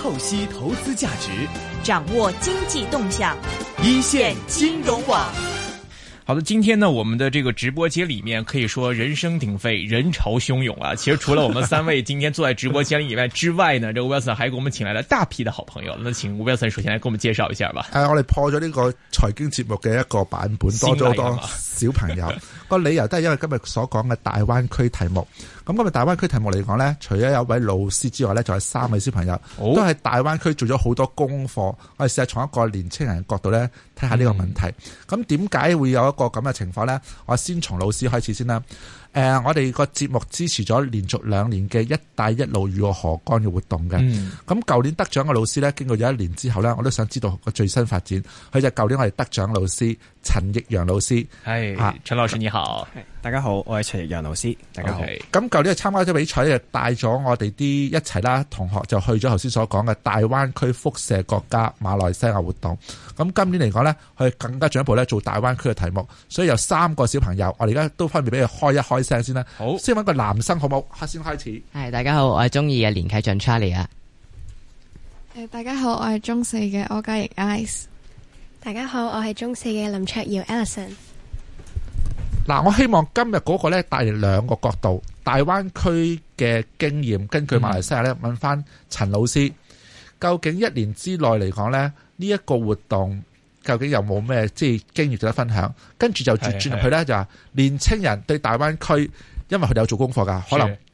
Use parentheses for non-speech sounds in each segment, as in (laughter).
透析投資價值，掌握經濟動向，一線金融網。好的，今天呢，我們的這個直播間裏面可以說人聲鼎沸，人潮洶湧啊。其實除了我們三位今天坐在直播間裏以外之外呢， (laughs) 這個 Wilson 還給我們請來了大批的好朋友。那請 Wilson 首先來給我們介紹一下吧。誒、啊，我哋破咗呢個財經節目嘅一個版本多咗好多，小朋友 (laughs) 個理由都係因為今日所講嘅大灣區題目。咁今日大灣區題目嚟講呢，除咗有一位老師之外呢，仲有三位小朋友，都喺大灣區做咗好多功課。我哋試下從一個年青人角度呢，睇下呢個問題。咁點解會有一個咁嘅情況呢？我先從老師開始先啦。誒、呃，我哋個節目支持咗連續兩年嘅“一帶一路與我何干嘅活動嘅。咁舊、嗯、年得獎嘅老師呢，經過咗一年之後呢，我都想知道個最新發展。佢就舊年我哋得獎老師陳易楊老師。係，陳、哎啊、老師你好。哎大家好，我係陳易楊老師。大家好。咁舊年參加咗比賽咧，帶咗我哋啲一齊啦同學就去咗頭先所講嘅大灣區輻射國家馬來西亞活動。咁今年嚟講呢，佢更加進一步咧做大灣區嘅題目，所以有三個小朋友，我哋而家都分別俾佢開一開聲先啦。好，先搵個男生好唔好？先開始。係，大家好，我係中二嘅連啟俊 Charlie 啊。誒，大家好，我係中四嘅柯嘉怡 Alice。大家好，我係中四嘅林卓耀 Alison。嗱，我希望今日嗰個咧帶嚟兩個角度，大灣區嘅經驗，根據馬來西亞咧問翻陳老師究竟一年之內嚟講咧呢一個活動究竟有冇咩即係經驗值得分享？跟住就轉轉入去咧，就話是年青人對大灣區，因為佢哋有做功課噶，可能。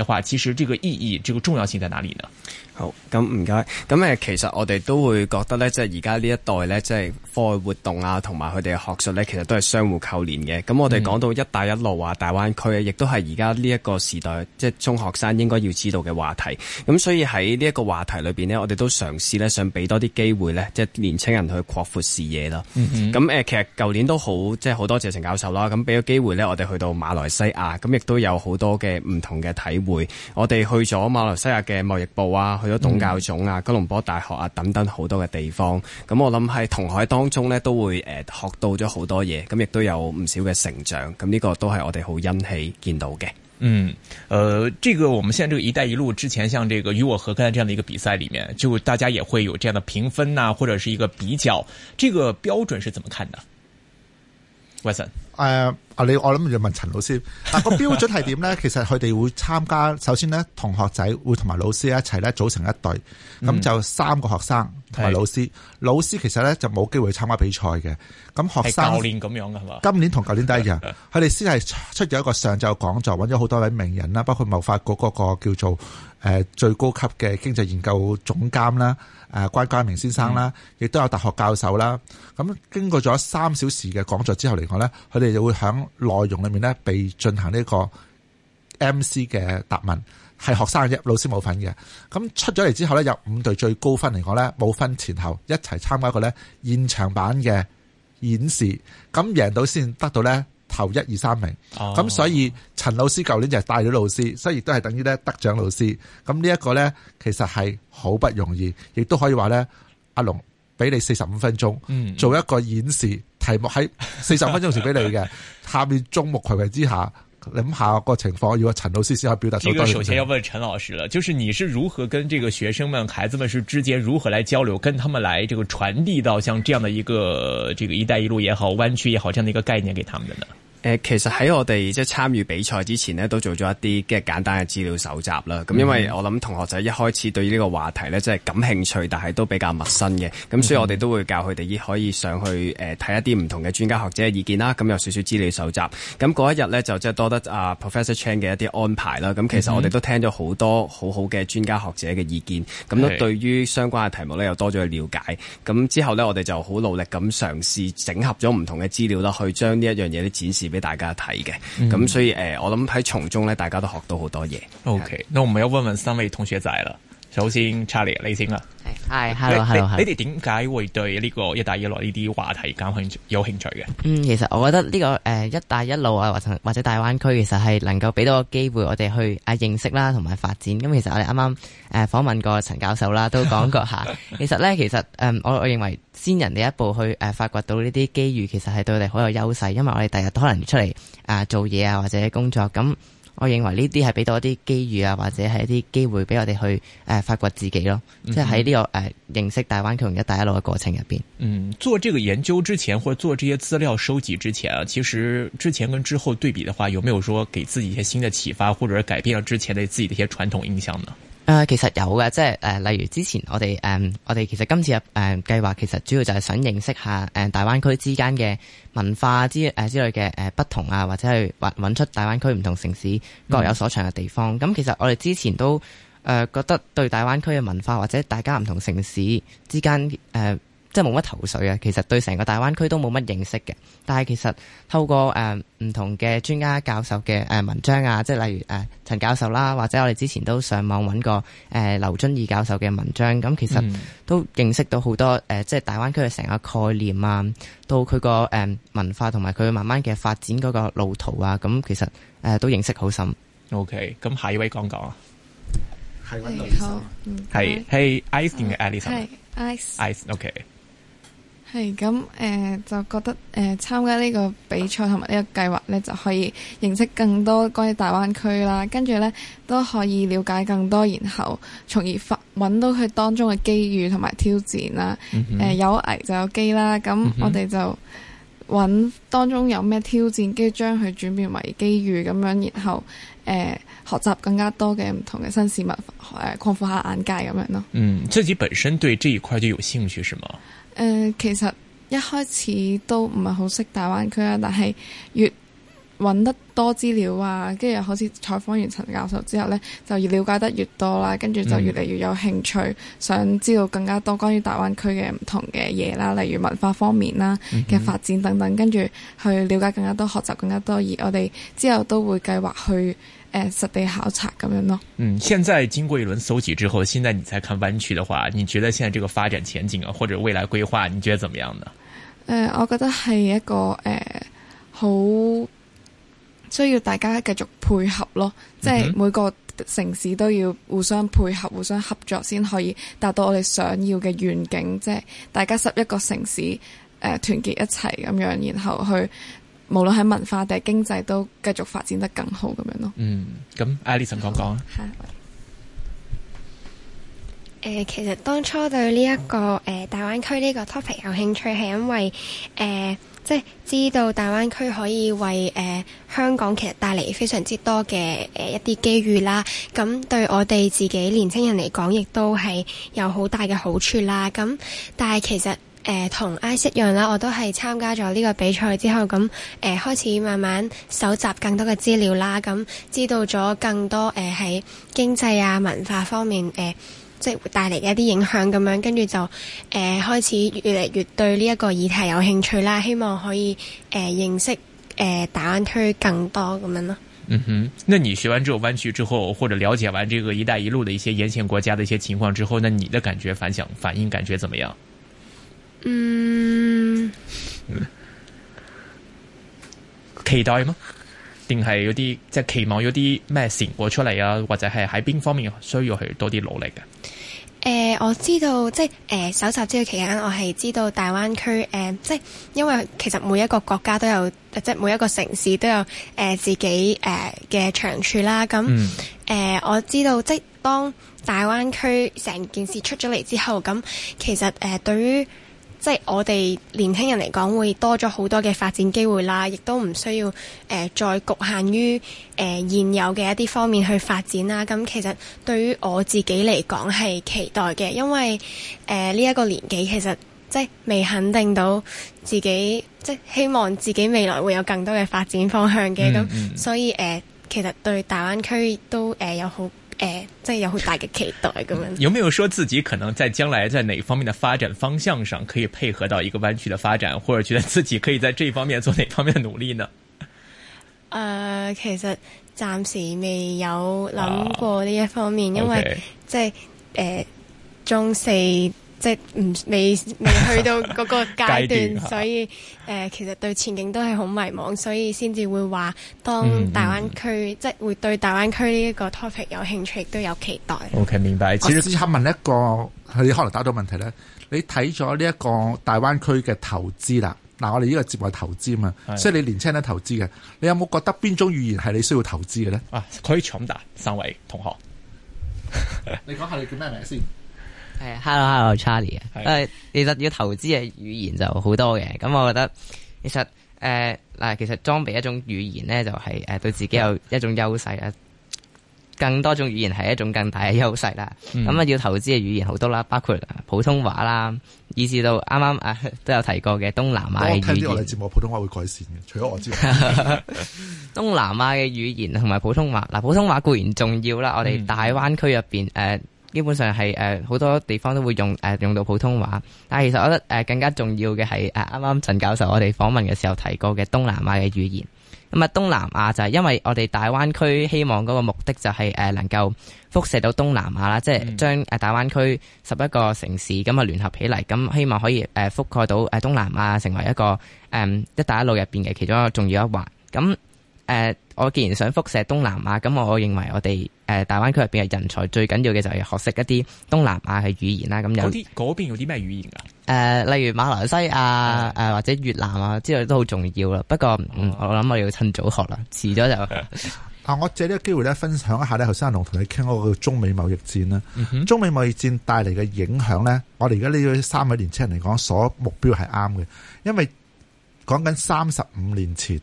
嘅話，其實呢個意義、呢、這個重要性在哪裏呢？好，咁唔該，咁誒，其實我哋都會覺得咧，即係而家呢一代咧，即係課外活動啊，同埋佢哋嘅學術咧，其實都係相互扣連嘅。咁我哋講到一帶一路啊、大灣區啊，亦都係而家呢一個時代，即、就、係、是、中學生應該要知道嘅話題。咁所以喺呢一個話題裏邊咧，我哋都嘗試咧，想俾多啲機會咧，即、就、係、是、年青人去擴闊視野啦。嗯咁哼誒，其實舊年都好，即係好多謝陳教授啦。咁俾咗機會咧，我哋去到馬來西亞，咁亦都有好多嘅唔同嘅體會。 (noise) 我哋去咗馬來西亞嘅貿易部啊，去咗董教總啊，吉隆坡大學啊等等好多嘅地方。咁我諗喺同學當中呢，都會誒學到咗好多嘢，咁亦都有唔少嘅成長。咁、這、呢個都係我哋好欣喜見到嘅。嗯，誒、呃、呢、這個我們現在呢個一帶一路之前，像這個與我何干這樣的一個比賽裏面，就大家也會有這樣的評分啊，或者是一個比較，這個標準是怎麼看的？外森、uh，誒。你我諗要問陳老師，但、啊、個標準係點咧？其實佢哋會參加，首先咧同學仔會同埋老師一齊咧組成一隊，咁、嗯、就三個學生同埋老師。是老師其實咧就冇機會參加比賽嘅。咁學生係教練咁樣噶係嘛？今年同舊年第一日，佢哋先係出咗一個上晝講座，揾咗好多位名人啦，包括文發局貿發局嗰個叫做。誒最高級嘅經濟研究總監啦，誒關家明先生啦，亦都有大學教授啦。咁經過咗三小時嘅講座之後嚟講呢，佢哋就會喺內容裏面呢，被進行呢個 MC 嘅答問，係學生一老師冇份嘅。咁出咗嚟之後呢，有五隊最高分嚟講呢，冇分前後一齊參加一個呢現場版嘅演示，咁贏到先得到呢。就一二三名，咁、哦、所以陳老師舊年就係帶咗老師，所以亦都係等於咧得獎老師，咁呢一個咧其實係好不容易，亦都可以話咧阿龍俾你四十五分鐘，嗯、做一個演示，題目喺四十分鐘時俾你嘅， (laughs) 下面眾目睽睽之下，諗下個情況要陳老師先可以表達到。這個首先要問陳老師啦，就是你是如何跟這個學生們、孩子們是之間如何來交流，跟他們來這個傳遞到像這樣的一個這個“一帶一路”也好、灣區也好這樣的一個概念給他們的呢？誒，其實喺我哋即係參與比賽之前都做咗一啲嘅簡單嘅資料搜集啦。咁、mm hmm. 因為我諗同學仔一開始對呢個話題咧，即係感興趣，但係都比較陌生嘅。咁、mm hmm. 所以我哋都會教佢哋可以上去誒睇一啲唔同嘅專家學者嘅意見啦。咁有少少資料搜集。咁嗰一日呢，就即係多得 Professor Chan 嘅一啲安排啦。咁、mm hmm. 其實我哋都聽咗好多好好嘅專家學者嘅意見。咁都、mm hmm. 對於相關嘅題目呢，又多咗去了解。咁、mm hmm. 之後呢，我哋就好努力咁嘗試整合咗唔同嘅資料啦，去將呢一樣嘢都展示。俾大家睇嘅，咁、嗯、所以誒，我諗喺從中咧，大家都學到好多嘢。O、okay, K，那我哋要問問三位同學仔啦。首先，Charlie，你先啦。係，係，Hello，Hello，你哋點解會對呢個一帶一路呢啲話題感興趣？有興趣嘅？嗯，其實我覺得呢個誒一帶一路啊，或或者大灣區，其實係能夠俾到個機會我哋去啊認識啦，同埋發展。咁其實我哋啱啱誒訪問過陳教授啦，都講過吓。其實咧，其實誒，我我認為先人哋一步去誒發掘到呢啲機遇，其實係對我哋好有優勢，因為我哋第日都可能出嚟啊做嘢啊，或者工作咁。我認為呢啲係俾到一啲機遇啊，或者係一啲機會俾我哋去誒、呃、發掘自己咯，即係喺呢個誒認識大灣區同一帶一路嘅過程入邊。嗯，做這個研究之前或者做這些資料收集之前啊，其實之前跟之後對比的話，有沒有說給自己一些新的啟發，或者改變了之前的自己的一些傳統印象呢？呃、其實有嘅，即係、呃、例如之前我哋、嗯、我哋其實今次誒、呃、計劃，其實主要就係想認識一下誒大灣區之間嘅文化之之類嘅不同啊，或者係揾出大灣區唔同城市各有所長嘅地方。咁、嗯、其實我哋之前都、呃、覺得對大灣區嘅文化或者大家唔同城市之間即係冇乜頭緒啊！其實對成個大灣區都冇乜認識嘅，但係其實透過誒唔、嗯、同嘅專家教授嘅誒文章啊，即係例如誒陳、呃、教授啦，或者我哋之前都上網揾過誒劉遵義教授嘅文章，咁其實都認識到好多誒、呃，即係大灣區嘅成個概念啊，到佢個誒文化同埋佢慢慢嘅發展嗰個路途啊，咁其實誒、呃、都認識好深。OK，咁、嗯、下一位講講啊，係溫度先生，係係 Ice 嘅 Alison Ice，Ice，OK。係咁誒，就覺得誒，參、呃、加呢個比賽同埋呢個計劃咧，就可以認識更多關於大灣區啦。跟住咧都可以了解更多，然後從而發揾到佢當中嘅機遇同埋挑戰啦。誒、嗯哼呃，有危就有機啦。咁我哋就揾當中有咩挑戰，跟住將佢轉變為機遇咁樣，然後誒、呃、學習更加多嘅唔同嘅新事物，誒擴闊下眼界咁樣咯。嗯，自己本身對呢一塊就有興趣，係咪？誒、呃，其實一開始都唔係好識大灣區啦，但係越揾得多資料啊，跟住又好似採訪完陳教授之後呢，就越了解得越多啦，跟住就越嚟越有興趣，嗯、想知道更加多關於大灣區嘅唔同嘅嘢啦，例如文化方面啦嘅、嗯哼發展等等，跟住去了解更加多，學習更加多，而我哋之後都會計劃去。誒、呃，實地考察咁樣咯。嗯，現在經過一輪蒐集之後，現在你再看灣區的話，你覺得現在這個發展前景啊，或者未來規劃，你覺得怎麼樣呢？誒、呃，我覺得係一個誒，好、呃、需要大家繼續配合咯，嗯、哼即係每個城市都要互相配合、互相合作，先可以達到我哋想要嘅願景。即係大家十一個城市誒、呃、團結一齊咁樣，然後去。無論喺文化定係經濟都繼續發展得更好咁樣咯。嗯，咁 Alison 講講啊。嗯、講講其實當初對呢、呢、一個好、呃、大灣區呢個 topic 有興趣係因為、呃、即係知道大灣區可以為、呃、香港其實帶嚟非常之多嘅、呃、一啲機遇啦。咁對我哋自己年青人嚟講，亦都係有好大嘅好處啦。咁，但係其實。誒同 I 一樣啦，我都係參加咗呢個比賽之後咁誒、呃、開始慢慢搜集更多嘅資料啦，咁知道咗更多誒喺、呃、經濟啊文化方面誒、呃，即係帶嚟一啲影響咁樣，跟住就誒、呃、開始越嚟越對呢一個議題有興趣啦，希望可以誒、呃、認識誒、呃、大灣區更多咁樣咯。嗯哼，那你學完之後彎曲之後，或者了解完這個一帶一路的一些沿線國家的一些情況之後，那你的感覺反響反應感覺怎麼樣？嗯，期待嗎？定係有啲即係期望有啲咩成果出嚟啊？或者係喺邊方面需要去多啲努力嘅？誒、呃，我知道即係誒、呃，搜集資料期間，我係知道大灣區誒，即係因為其實每一個國家都有，即係每一個城市都有誒、呃、自己誒嘅、呃、長處啦。咁、呃、誒、嗯呃，我知道即係當大灣區成件事出咗嚟之後，咁其實誒、呃、對於即係我哋年輕人嚟講會多咗好多嘅發展機會啦，亦都唔需要誒、呃、再局限於誒、呃、現有嘅一啲方面去發展啦。咁、啊、其實對於我自己嚟講係期待嘅，因為誒呢一個年紀其實即係未肯定到自己，即係希望自己未來會有更多嘅發展方向嘅。咁、嗯嗯、所以誒、呃、其實對大灣區都誒、呃、有好。誒，即係有好大嘅期待咁樣。 (laughs) 有冇有說自己可能在將來在哪方面嘅發展方向上可以配合到一個灣區嘅發展，或者覺得自己可以在這一方面做哪方面努力呢？誒、呃，其實暫時未有諗過呢一方面，啊、因為 okay. 即係誒、呃、中四。即係唔未未去到嗰個階段， (laughs) 階段所以誒、呃，其實對前景都係好迷茫，所以先至會話當大灣區，嗯嗯、即係會對大灣區呢一個 topic 有興趣，亦都有期待。O、okay, K，明白。時我先問一個你可能打到問題咧，你睇咗呢一個大灣區嘅投資啦，嗱，我哋呢個節目係投資嘛，的所以你年輕人投資嘅，你有冇覺得邊種語言係你需要投資嘅咧？可以搶答，三位同學， (laughs) 你講下你叫咩名先？hello hello Charlie。誒是，其實要投資嘅語言就好多嘅。咁我覺得其實、呃，其實誒嗱，其實裝備一種語言咧，就係誒對自己有一種優勢啊。的更多種語言係一種更大嘅優勢啦。咁啊、嗯嗯，要投資嘅語言好多啦，包括普通話啦，的以至到啱啱、呃、都有提過嘅東南亞嘅語言。我節目普通話會改善嘅，除咗我之外。 (laughs) (laughs) 東南亞嘅語言同埋普通話，嗱，普通話固然重要啦。我哋大灣區入邊誒。嗯呃基本上係誒好多地方都會用、呃、用到普通話，但係其實我覺得、呃、更加重要嘅係誒啱啱陳教授我哋訪問嘅時候提過嘅東南亞嘅語言。咁、嗯、啊，東南亞就係因為我哋大灣區希望嗰個目的就係、是呃、能夠輻射到東南亞啦，即係將、呃嗯呃、大灣區十一個城市咁啊聯合起嚟，咁希望可以誒、呃、覆蓋到東南亞，成為一個、嗯、一帶一路入面嘅其中一個重要一環。咁、嗯。誒、呃，我既然想輻射東南亞，咁我認為我哋誒大灣區入邊嘅人才最緊要嘅就係學識一啲東南亞嘅語言啦。咁有啲嗰邊有啲咩語言啊？誒、呃，例如馬來西亞誒、呃、或者越南啊之類都好重要啦。不過、呃、我諗我要趁早學啦，遲咗就 (laughs) (laughs) 啊！我借呢個機會咧，分享一下呢頭先阿龍同你傾嗰個中美貿易戰啦。嗯、哼中美貿易戰帶嚟嘅影響咧，我哋而家呢位三位年青人嚟講，所目標係啱嘅，因為講緊三十五年前。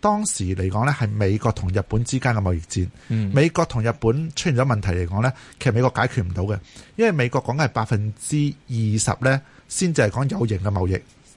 當時嚟講呢係美國同日本之間嘅貿易戰。嗯、美國同日本出現咗問題嚟講呢，其實美國解決唔到嘅，因為美國講緊係百分之二十呢先至係講有形嘅貿易，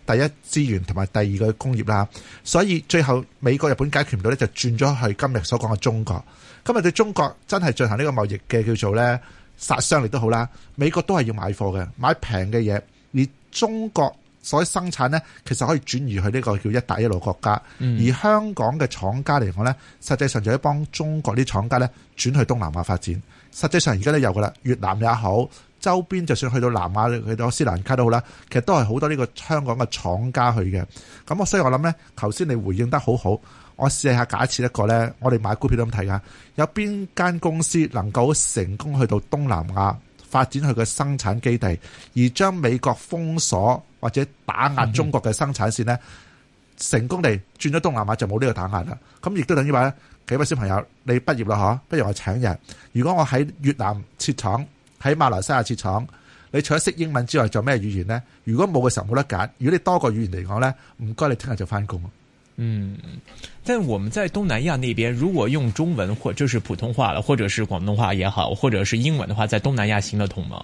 第一資源同埋第二個工業啦。所以最後美國日本解決唔到呢，就轉咗去今日所講嘅中國。今日對中國真係進行呢個貿易嘅叫做呢，殺傷力都好啦。美國都係要買貨嘅，買平嘅嘢，而中國所以生產呢，其實可以轉移去呢個叫一帶一路國家，嗯、而香港嘅廠家嚟講呢，實際上就係幫中國啲廠家呢轉去東南亞發展。實際上而家都有噶啦，越南也好，周邊就算去到南亞、去到斯蘭卡都好啦，其實都係好多呢個香港嘅廠家去嘅。咁我所以我諗呢，頭先你回應得好好，我試下假設一個呢，我哋買股票都咁睇㗎，有邊間公司能夠成功去到東南亞？發展佢嘅生產基地，而將美國封鎖或者打壓中國嘅生產線呢、嗯、成功地轉咗東南亞就冇呢個打壓啦。咁亦都等於話呢幾位小朋友你畢業啦嗬，不如我請人。如果我喺越南設廠，喺馬來西亞設廠，你除咗識英文之外，仲有咩語言呢？如果冇嘅時候冇得揀，如果你多個語言嚟講呢，唔該你聽日就翻工。嗯，但我們在東南亞那邊，如果用中文，或者就是普通話或者是廣東話也好，或者是英文的話，在東南亞行得通嗎？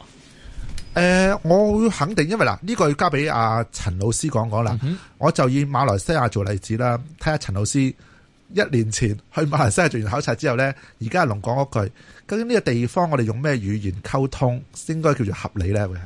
誒、呃，我會肯定，因為嗱，呢、這個要交俾阿陳老師講講啦。嗯、哼我就以馬來西亞做例子啦，睇下陳老師一年前去馬來西亞做完考察之後咧，而家阿龍講嗰句，究竟呢個地方我哋用咩語言溝通，應該叫做合理咧，會係？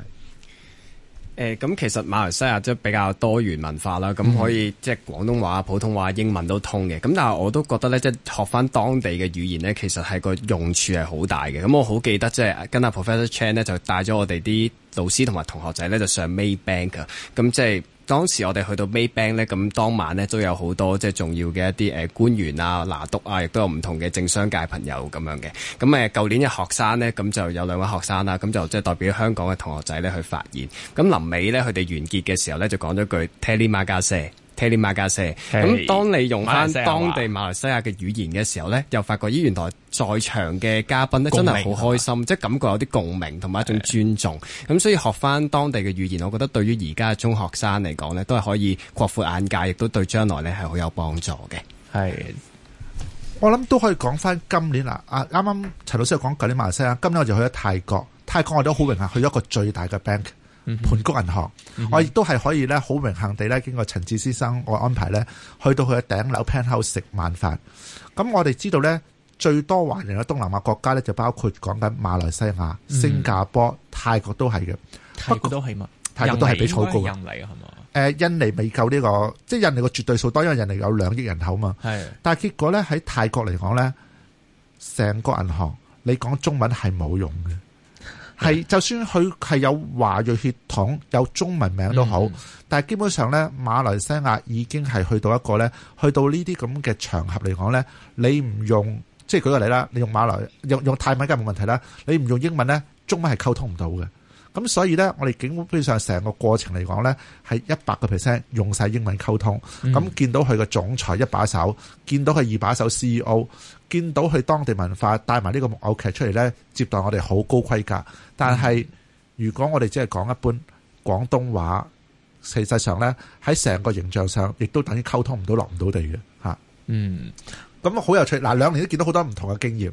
誒咁其實馬來西亞即係比較多元文化啦，咁可以即係廣東話、普通話、英文都通嘅。咁但係我都覺得咧，即係學翻當地嘅語言咧，其實係個用處係好大嘅。咁我好記得即係跟阿 Professor Chan 咧，就帶咗我哋啲老師同埋同學仔咧，就上 Maybank 啊，咁即係。當時我哋去到 Maybank 咧，咁當晚咧都有好多即係重要嘅一啲誒官員啊、拿督啊，亦都有唔同嘅政商界朋友咁樣嘅。咁誒舊年嘅學生咧，咁就有兩位學生啦，咁就即係代表香港嘅同學仔咧去發言。咁臨尾咧，佢哋完結嘅時候咧，就講咗句 Terima kasih。睇啲馬來西，咁當你用翻當地馬來西亞嘅語言嘅時候呢，又發覺咦，原來在場嘅嘉賓咧真係好開心，即係感覺有啲共鳴同埋一種尊重。咁的所以學翻當地嘅語言，我覺得對於而家中學生嚟講呢都係可以擴闊眼界，亦都對將來咧係好有幫助嘅。係的，我諗都可以講翻今年啦。阿啱啱陳老師講舊年馬來西亞，今年我就去咗泰國。泰國我都好榮幸去咗一個最大嘅 bank。盤谷銀行，嗯、哼我亦都係可以咧，好榮幸地咧，經過陳智思先生我安排咧，去到佢嘅頂樓 penthouse 食晚飯。咁我哋知道咧，最多華人嘅東南亞國家咧，就包括講緊馬來西亞、嗯、新加坡、泰國都係嘅。泰國都係嘛？泰國都係比較高嘅。印尼係嘛？誒、呃，印尼未夠呢、這個，即係印尼嘅絕對數多，因為印尼有兩億人口嘛。係的。但係結果咧，喺泰國嚟講咧，成個銀行你講中文係冇用嘅。係就算佢係有華裔血統、有中文名都好，嗯、但係基本上咧，馬來西亞已經係去到一個咧，去到呢啲咁嘅場合嚟講咧，你唔用，即係舉個例啦，你用馬來用用泰文梗係冇問題啦，你唔用英文咧，中文係溝通唔到嘅。咁所以呢，我哋基本上成個過程嚟講呢係一百個 percent 用晒英文溝通。咁、嗯、見到佢個總裁一把手，見到佢二把手 CEO，見到佢當地文化帶埋呢個木偶劇出嚟呢，接待我哋好高規格。但係如果我哋只係講一般廣東話，事實上呢，喺成個形象上，亦都等於溝通唔到落唔到地嘅吓，嗯，咁好有趣。嗱，兩年都見到好多唔同嘅經驗。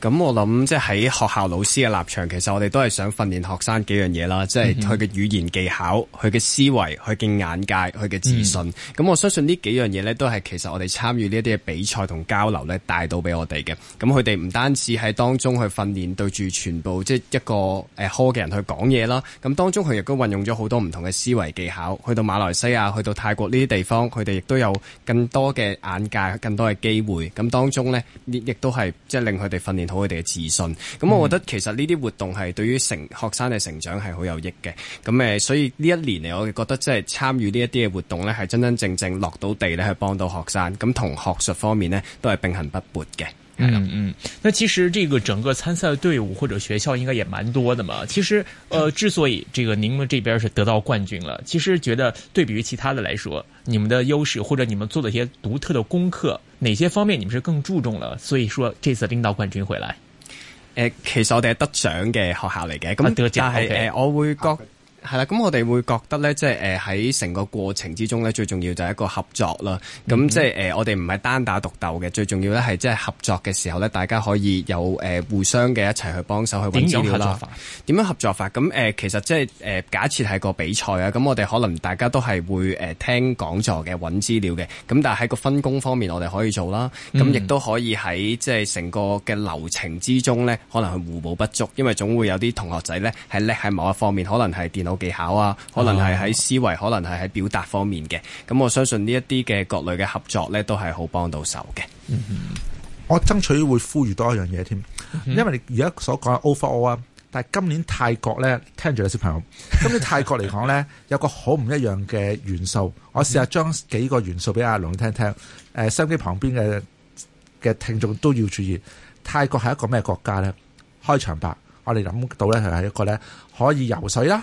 咁我諗，即係喺學校老師嘅立場，其實我哋都係想訓練學生幾樣嘢啦，即係佢嘅語言技巧、佢嘅思維、佢嘅眼界、佢嘅自信。咁、嗯、我相信呢幾樣嘢呢，都係其實我哋參與呢一啲比賽同交流呢，帶到俾我哋嘅。咁佢哋唔單止喺當中去訓練對住全部即係一個誒科嘅人去講嘢啦，咁當中佢亦都運用咗好多唔同嘅思維技巧。去到馬來西亞、去到泰國呢啲地方，佢哋亦都有更多嘅眼界、更多嘅機會。咁當中呢，亦都係即係令佢哋訓練。好佢哋嘅自信，咁我覺得其實呢啲活動係對於成學生嘅成長係好有益嘅，咁誒，所以呢一年嚟，我哋覺得即係參與呢一啲嘅活動咧，係真真正正落到地咧，去幫到學生，咁同學術方面咧都係並行不悖嘅，係啦。嗯，嗯，那其實這個整個參賽隊伍或者學校應該也蠻多的嘛。其實，呃，之所以這個你們這邊是得到冠軍了，其實覺得對比於其他的來說，你們的優勢或者你們做的一些獨特的功課。哪些方面你們是更注重了？所以說這次拎到冠軍回來，誒、呃，其實我哋係得獎嘅學校嚟嘅，咁啊得獎，係誒是 okay.、呃、我會覺。係啦，咁我哋會覺得咧，即係誒喺成個過程之中咧，最重要就係一個合作啦。咁即係誒，我哋唔係單打獨鬥嘅，最重要咧係即係合作嘅時候咧，大家可以有、呃、互相嘅一齊去幫手去揾資料啦。點樣合作法？點樣合作法？咁誒、呃，其實即係誒，假設係個比賽啊，咁我哋可能大家都係會誒、呃、聽講座嘅，揾資料嘅。咁但係喺個分工方面，我哋可以做啦。咁亦都可以喺即係成個嘅流程之中咧，可能去互補不足，因為總會有啲同學仔咧係叻喺某一方面，可能係電腦。技巧啊，可能係喺思維，可能係喺表達方面嘅。咁我相信呢一啲嘅各類嘅合作咧，都係好幫到手嘅。我爭取會呼籲多一樣嘢添，因為你而家所講嘅 Overall 啊，但係今年泰國咧，聽住有小朋友，今年泰國嚟講咧，有個好唔一樣嘅元素。 (laughs) 我試下將幾個元素俾阿龍聽聽。誒，收音機旁邊嘅嘅聽眾都要注意，泰國係一個咩國家咧？開場白，我哋諗到咧，係一個咧可以游水啦。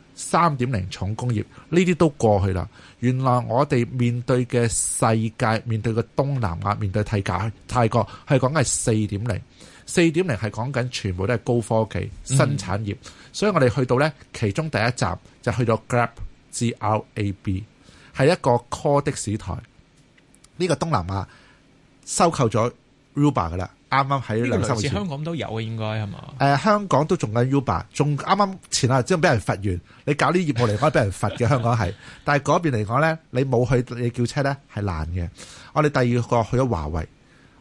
三點零重工業呢啲都過去啦，原來我哋面對嘅世界，面對嘅東南亞，面對泰國，泰國係講緊係四點零，四點零係講緊全部都係高科技新產業，嗯、所以我哋去到呢其中第一站，就去到 Grab，G R A B 係一個 call 的士台，呢、呢個東南亞收購咗 Uber 噶啦。啱啱喺呢個類似香港都有啊，應該係嘛？呃，香港都仲緊 Uber，仲啱啱前日即係俾人罰完。你搞啲業務嚟講俾人罰嘅，香港係。 (laughs) 但係嗰邊嚟講咧，你冇去你叫車咧係難嘅。我哋第二個去咗華為，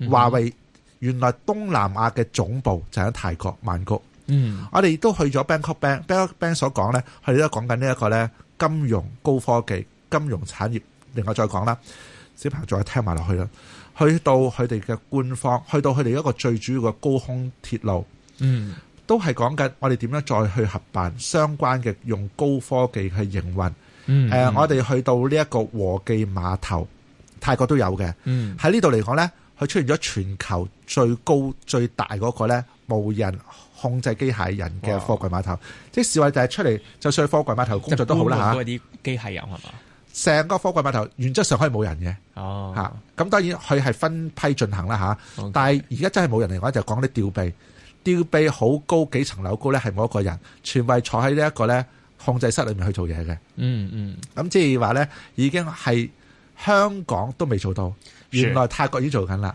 華為原來東南亞嘅總部就喺泰國曼谷。嗯，我哋亦都去咗 Bangkok。Bang、Bang、Bang 所講咧，佢哋都講緊呢一個咧金融高科技、金融產業。另外再講啦，小朋友再聽埋落去啦。去到佢哋嘅官方，去到佢哋一個最主要嘅高空鐵路，嗯，都係講緊我哋點樣再去合辦相關嘅用高科技去營運，嗯。嗯，呃，我哋去到呢一個和記碼頭，泰國都有嘅，嗯，喺呢度嚟講咧，佢出現咗全球最高最大嗰個咧無人控制機械人嘅貨櫃碼頭，哇即係示威就係出嚟就算去貨櫃碼頭工作都好啦嚇，嗰啲機械人係嘛？成個貨櫃碼頭原則上可以冇人嘅，咁、哦啊、當然佢係分批進行啦 Okay. 但係而家真係冇人嚟講就是、講啲吊臂，吊臂好高幾層樓高咧，係冇一個人，全部係坐喺呢一個咧控制室裏面去做嘢嘅。嗯嗯，咁、啊、即係話咧已經係香港都未做到，原來泰國已經做緊啦。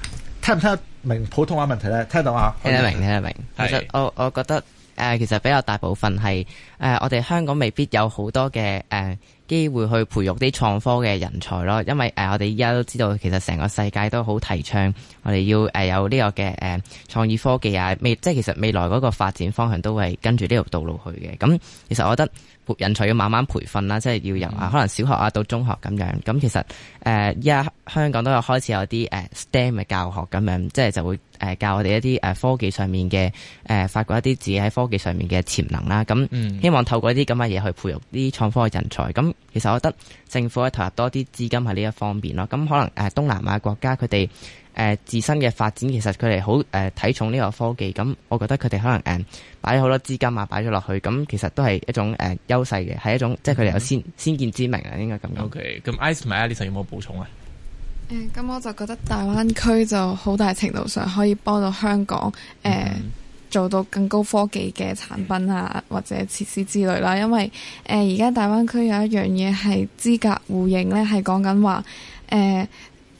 聽唔聽得明普通話問題咧？聽得到啊？聽得明，聽得明。得其實我是、哦、我覺得。呃、其實比較大部分係、呃、我哋香港未必有好多嘅、呃、機會去培育啲創科嘅人才咯。因為、呃、我哋依家都知道，其實成個世界都好提倡我哋要、呃、有呢個嘅創意科技啊，未即係其實未來嗰個發展方向都係跟住呢條道路去嘅。咁、嗯、其實我覺得人才要慢慢培訓啦、啊，即係要由啊可能小學啊到中學咁、啊嗯嗯、樣。咁、嗯、其實誒依家香港都有開始有啲、啊、STEM 嘅教學咁樣，即係就會。誒教我哋一啲誒科技上面嘅誒、呃、發掘一啲自己喺科技上面嘅潛能啦，咁希望透過一啲咁嘅嘢去培育啲創科嘅人才。咁其實我覺得政府係投入多啲資金喺呢一方面咯。咁可能誒東南亞國家佢哋誒自身嘅發展，其實佢哋好誒睇重呢個科技，咁我覺得佢哋可能誒擺咗好多資金啊擺咗落去，咁其實都係一種誒、呃、優勢嘅，係一種即係佢哋有先、嗯、先見之明啊，應該咁樣。O.K. 咁 Ethan 同 i s 有冇補充啊？誒，咁、嗯、我就覺得大灣區就好大程度上可以幫到香港，誒、嗯呃，做到更高科技嘅產品啊，嗯、或者設施之類啦。因為誒，而、呃、家大灣區有一樣嘢係資格互認呢，係講緊話，誒、呃，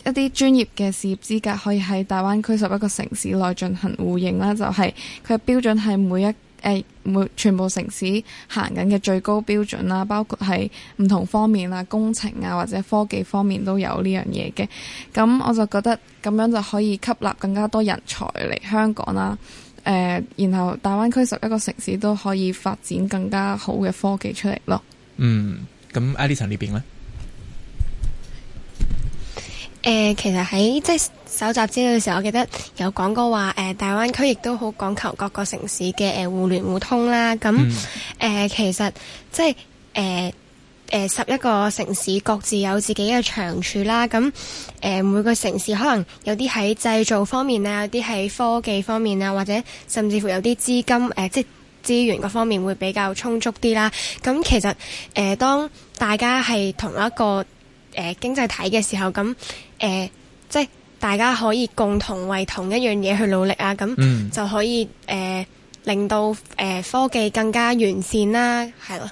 一啲專業嘅事業資格可以喺大灣區十一個城市內進行互認啦。就係佢嘅標準係每一。誒，全部城市行緊嘅最高標準啦，包括係唔同方面啦、工程啊，或者科技方面都有呢樣嘢嘅。咁我就覺得咁樣就可以吸納更加多人才嚟香港啦。誒，然後大灣區十一個城市都可以發展更加好嘅科技出嚟咯。嗯，咁 Alison 呢邊呢？誒、呃，其實喺即係搜集資料嘅時候，我記得有講過話，誒、呃、大灣區亦都好講求各個城市嘅誒、呃、互聯互通啦。咁誒、嗯呃，其實即係誒誒十一個城市各自有自己嘅長處啦。咁誒、呃，每個城市可能有啲喺製造方面啦，有啲喺科技方面啦，或者甚至乎有啲資金誒、呃，即係資源嗰方面會比較充足啲啦。咁其實誒、呃，當大家係同一個，誒、呃、經濟體嘅時候，咁、呃、誒即係大家可以共同為同一樣嘢去努力啊！咁、嗯、就可以誒、呃、令到、呃、科技更加完善啦，係、啊、咯。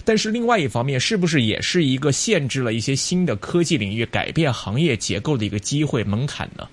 但是另外一方面，是不是也是一個限制了一些新的科技領域改變行業結構的一個機會門檻呢？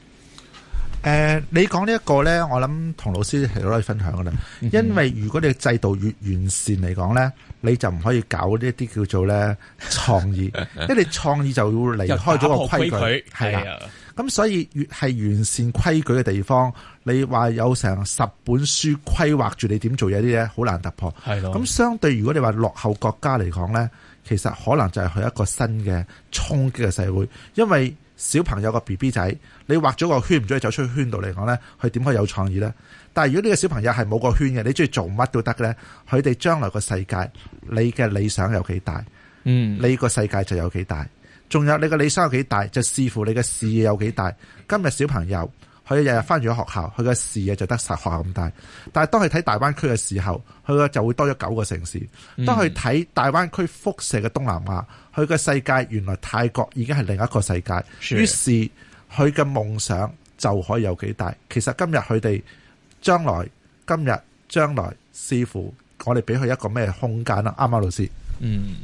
誒、呃，你講呢一個咧，我諗同老師係都可以分享噶啦。因為如果你制度越完善嚟講咧，你就唔可以搞呢一啲叫做咧創意， (laughs) 因為創意就要離開咗個規矩，係啊，咁、啊、所以越係完善規矩嘅地方。你話有成十本書規劃住你點做嘢啲嘢，好難突破。咁的相對，如果你話落後國家嚟講呢，其實可能就係佢一個新嘅衝擊嘅社會，因為小朋友個 B B 仔，你畫咗個圈，唔中意走出圈度嚟講呢，佢點可以有創意呢？但如果呢個小朋友係冇個圈嘅，你中意做乜都得呢。佢哋將來個世界，你嘅理想有幾大？嗯。你個世界就有幾大？仲有你嘅理想有幾大？就視乎你嘅事業有幾大。今日小朋友。佢日日翻住喺學校，佢嘅視野就得實學校咁大。但係當佢睇大灣區嘅時候，佢嘅就會多咗九個城市。當佢睇大灣區輻射嘅東南亞，佢嘅、嗯、世界原來泰國已經係另一個世界。於是佢嘅夢想就可以有幾大。其實今日佢哋將來，今日將來，視乎我哋俾佢一個咩空間啦。啱啱，老師？嗯。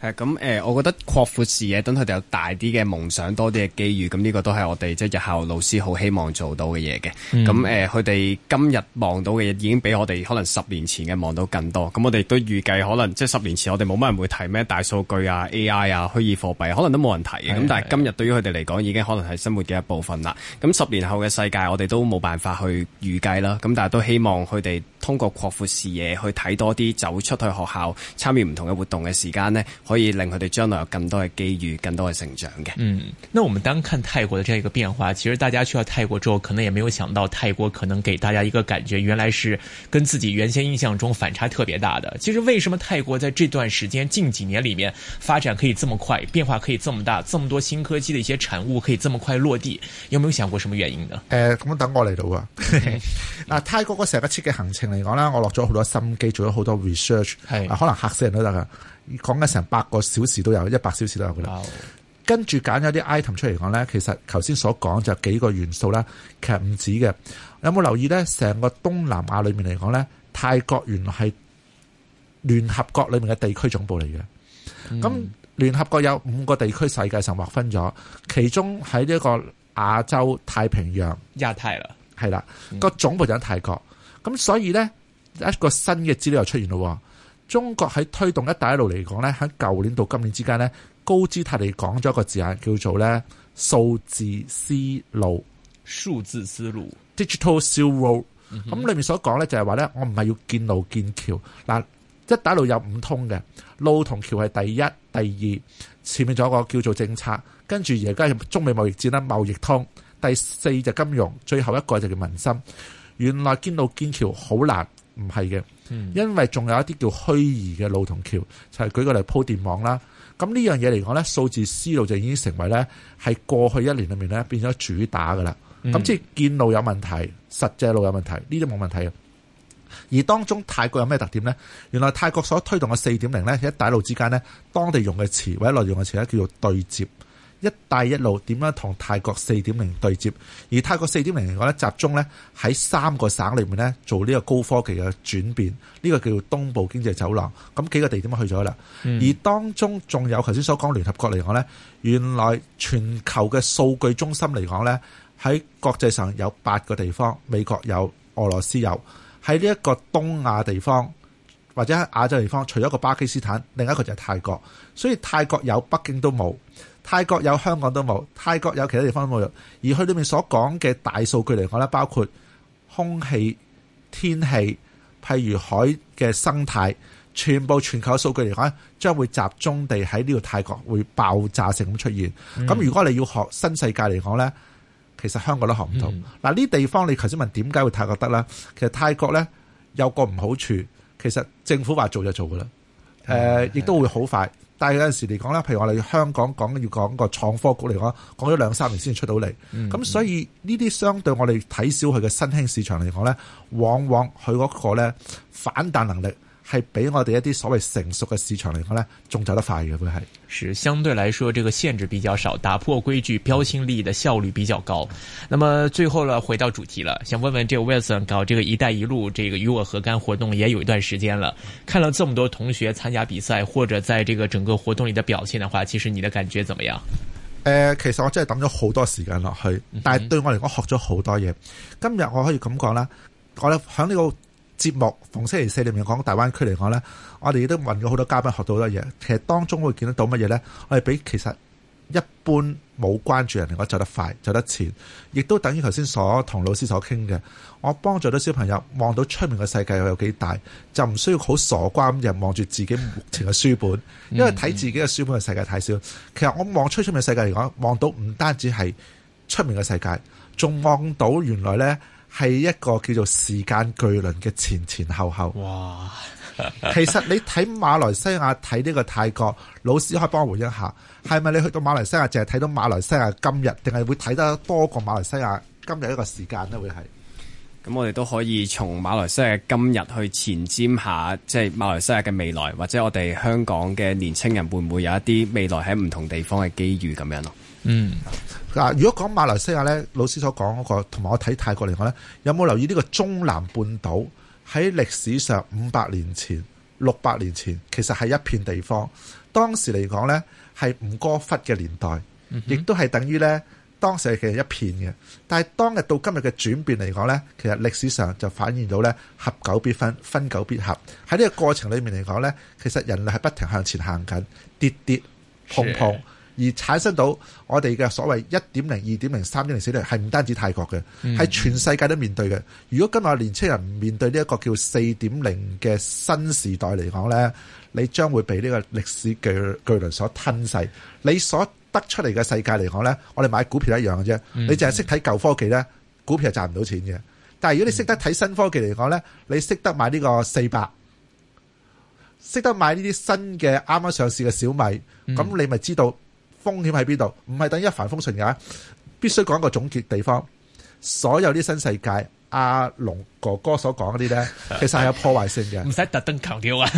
係咁，誒、呃，我覺得擴闊視野，等佢哋有大啲嘅夢想，多啲嘅機遇，咁呢個都係我哋即係日後老師好希望做到嘅嘢嘅。咁、嗯，誒，佢、呃、哋今日望到嘅嘢，已經比我哋可能十年前嘅望到更多。咁我哋都預計，可能即係十年前我哋冇乜人會提咩大數據啊、AI 啊、虛擬貨幣，可能都冇人提嘅。咁是的 但係今日對於佢哋嚟講，已經可能係生活嘅一部分啦。咁十年後嘅世界，我哋都冇辦法去預計啦。咁但係都希望佢哋。通過擴闊,闊視野去睇多啲，走出去學校參與唔同嘅活動嘅時間呢可以令佢哋將來有更多嘅機遇、更多嘅成長嘅。嗯，那我們單看泰國嘅這樣一個變化，其實大家去到泰國之後，可能也沒有想到泰國可能給大家一個感覺，原來是跟自己原先印象中反差特別大嘅。其實為什麼泰國在這段時間近幾年裡面發展可以這麼快，變化可以這麼大，這麼多新科技的一些產物可以這麼快落地？有沒有想過什麼原因呢？誒、呃，咁等我嚟到啊！啊， (laughs) 泰國個十八七嘅行程。嚟講啦，我落咗好多心機，做咗好多 research，係是可能吓死人都得噶，講緊成八個小時都有，一百小時都有噶啦。哦、跟住揀咗啲 item 出嚟講咧，其實頭先所講就幾個元素啦，其實唔止嘅。有冇留意咧？成個東南亞裏面嚟講咧，泰國原來係聯合國裏面嘅地區總部嚟嘅。咁聯、嗯、合國有五個地區，世界上劃分咗，其中喺呢一個亞洲太平洋、亞太啦，係啦，個總部就喺泰國。咁所以咧，一個新嘅資料又出現咯。中國喺推動「一帶一路呢」嚟講咧，喺舊年到今年之間咧，高姿態地講咗一個字眼，叫做咧數字絲路。數字絲路 digital Silk Road。咁裏面所講咧就係話咧，我唔係要建路建橋。嗱，一帶一路有五通嘅路同橋係第一、第二，前面仲有個叫做政策，跟住而家中美貿易戰啦，貿易通第四就金融，最後一個就叫民心。原來建路建橋好難，唔係嘅，因為仲有一啲叫虛擬嘅路同橋，就係、是、舉個嚟鋪電網啦。咁呢樣嘢嚟講呢數字思路就已經成為呢，係過去一年裏面呢變咗主打嘅啦。咁、嗯、即係建路有問題，實際路有問題呢啲冇問題嘅。而當中泰國有咩特點呢？原來泰國所推動嘅四點零咧，喺大陸之間呢，當地用嘅詞或者內地用嘅詞咧，叫做對接。一帶一路點樣同泰國四點零對接？而泰國四點零嚟講呢，集中呢喺三個省裏面呢做呢個高科技嘅轉變，呢、呢個叫東部經濟走廊。咁幾個地點去咗啦。嗯、而當中仲有頭先所講聯合國嚟講呢，原來全球嘅數據中心嚟講呢，喺國際上有八個地方，美國有，俄羅斯有，喺呢一個東亞地方或者喺亞洲地方，除咗一個巴基斯坦，另一個就係泰國。所以泰國有北京都冇。泰國有香港都冇，泰國有其他地方都冇，而佢裏面所講嘅大數據嚟講咧，包括空氣、天氣，譬如海嘅生態，全部全球數據嚟講，將會集中地喺呢個泰國會爆炸性咁出現，咁、嗯、如果你要學新世界嚟講咧，其實香港都學唔到。嗱、嗯，呢地方你頭先問點解會泰國得咧？其實泰國咧有個唔好處，其實政府話做就做噶啦，誒，亦都會好快。但係有陣時嚟講咧，譬如我哋香港講緊要講個創科局嚟講，講咗兩三年先出到嚟，咁、嗯嗯、所以呢啲相對我哋睇小佢嘅新興市場嚟講咧，往往佢嗰個咧反彈能力。係比我哋一啲所謂成熟嘅市場嚟講呢，仲走得快嘅，會係。是，是相對來說，這個限制比較少，打破規矩、標新立異的效率比較高。嗯、那麼最後呢，回到主題了，想問問，這 Wilson 搞這個“一帶一路”這個“與我何干”活動也有一段時間了，嗯、看了這麼多同學參加比賽或者在這個整個活動裏的表現的話，其實你的感覺怎麼樣？誒、呃，其實我真係等咗好多時間落去，嗯嗯，但係對我嚟講學咗好多嘢。今日我可以咁講啦，我哋喺呢個。節目逢星期四裏面講，大灣區嚟講呢，我哋亦都問咗好多嘉賓，學到好多嘢。其實當中會見得到乜嘢呢？我哋比其實一般冇關注人嚟講，走得快，走得前，亦都等於頭先所同老師所傾嘅。我幫助到小朋友望到出面嘅世界有幾大，就唔需要好傻瓜咁樣望住自己目前嘅書本，因為睇自己嘅書本嘅世界太少。其實我望出出面世界嚟講，望到唔單止係出面嘅世界，仲望到原來呢。係一個叫做時間巨輪嘅前前後後。哇！ (laughs) 其實你睇馬來西亞睇呢個泰國，老師可以幫我回應一下，係咪你去到馬來西亞淨係睇到馬來西亞今日，定係會睇得多過馬來西亞今日一個時間咧？會係咁，我哋都可以從馬來西亞今日去前瞻下，即係馬來西亞嘅未來，或者我哋香港嘅年青人會唔會有一啲未來喺唔同地方嘅機遇咁樣咯？嗯。嗱，如果講馬來西亞咧，老師所講嗰個，同埋我睇泰國嚟講咧，有冇留意呢個中南半島喺歷史上五百年前、六百年前，其實係一片地方。當時嚟講咧，係吳哥窟嘅年代，亦都係等於咧當時嘅一片嘅。但係當日到今日嘅轉變嚟講咧，其實歷史上就反映到咧合久必分，分久必合。喺呢個過程裏面嚟講咧，其實人類係不停向前行緊，跌跌碰碰。而產生到我哋嘅所謂一點零、二點零、三點零時代，係唔單止泰國嘅，係、嗯、全世界都面對嘅。如果今日年青人面對呢一個叫四點零嘅新時代嚟講呢，你將會被呢個歷史巨巨輪所吞噬。你所得出嚟嘅世界嚟講呢，我哋買股票一樣嘅啫。你淨係識睇舊科技呢，股票係賺唔到錢嘅。但係如果你識得睇新科技嚟講呢，你識得買呢個四百，識得買呢啲新嘅啱啱上市嘅小米，咁你咪知道。風險喺邊度？唔係等於一帆風順嘅，必須講一個總結地方。所有啲新世界，阿龍哥哥所講嗰啲咧，其實係有破壞性嘅。唔使 (laughs) 特登強調啊！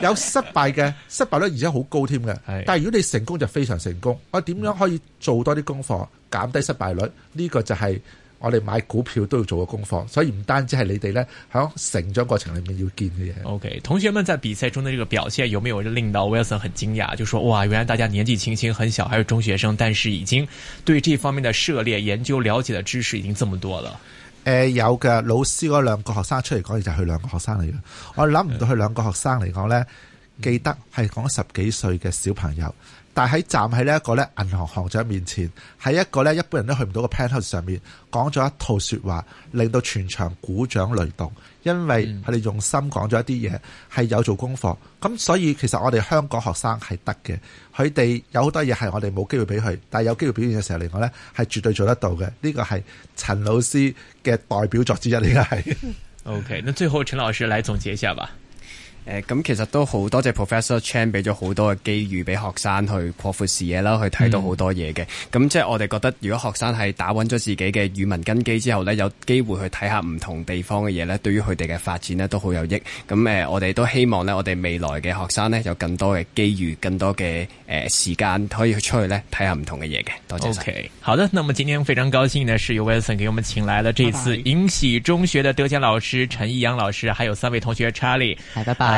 有失敗嘅，失敗率而且好高添嘅。但係如果你成功就非常成功。我點樣可以做多啲功課，減低失敗率？呢、這個就係、是。我哋買股票都要做個功課，所以唔單止係你哋咧，喺成長過程裏面要見嘅嘢。OK，同學們在比賽中的呢個表現，有沒有令到 Wilson 很驚訝？就說哇，原來大家年紀輕輕，很小，還是中學生，但是已經對這方面的涉獵、研究、了解的知識已經這麼多了。誒、呃，有嘅，老師嗰兩個學生出嚟講，就係佢兩個學生嚟嘅。我諗唔到佢兩個學生嚟講咧，係嘅，記得係講十幾歲嘅小朋友。但喺站喺呢一個咧銀行行長面前，喺一個咧一般人都去唔到嘅 panel 上面講咗一套說話，令到全場鼓掌雷動，因為佢哋用心講咗一啲嘢，係有做功課。咁所以其實我哋香港學生係得嘅，佢哋有好多嘢係我哋冇機會俾佢，但係有機會表現嘅時候嚟講呢，係絕對做得到嘅。呢個係陳老師嘅代表作之一嚟嘅係。 (laughs) OK，那最後陳老師來總結一下吧。誒咁、呃、其實都好多謝 Professor Chan 俾咗好多嘅機遇俾學生去擴闊視野啦，去睇到好多嘢嘅。咁、嗯、即係我哋覺得，如果學生係打穩咗自己嘅語文根基之後呢，有機會去睇下唔同地方嘅嘢呢，對於佢哋嘅發展呢，都好有益。咁誒、呃，我哋都希望呢，我哋未來嘅學生呢，有更多嘅機遇，更多嘅誒、呃、時間可以出去呢，睇下唔同嘅嘢嘅。多謝 Okay.。O K，好的，那麼今天非常高興呢，是由 Wilson 給我們請來了這次銀禧中學的得獎老師陳易楊老師，還有三位同學 Charlie。拜拜。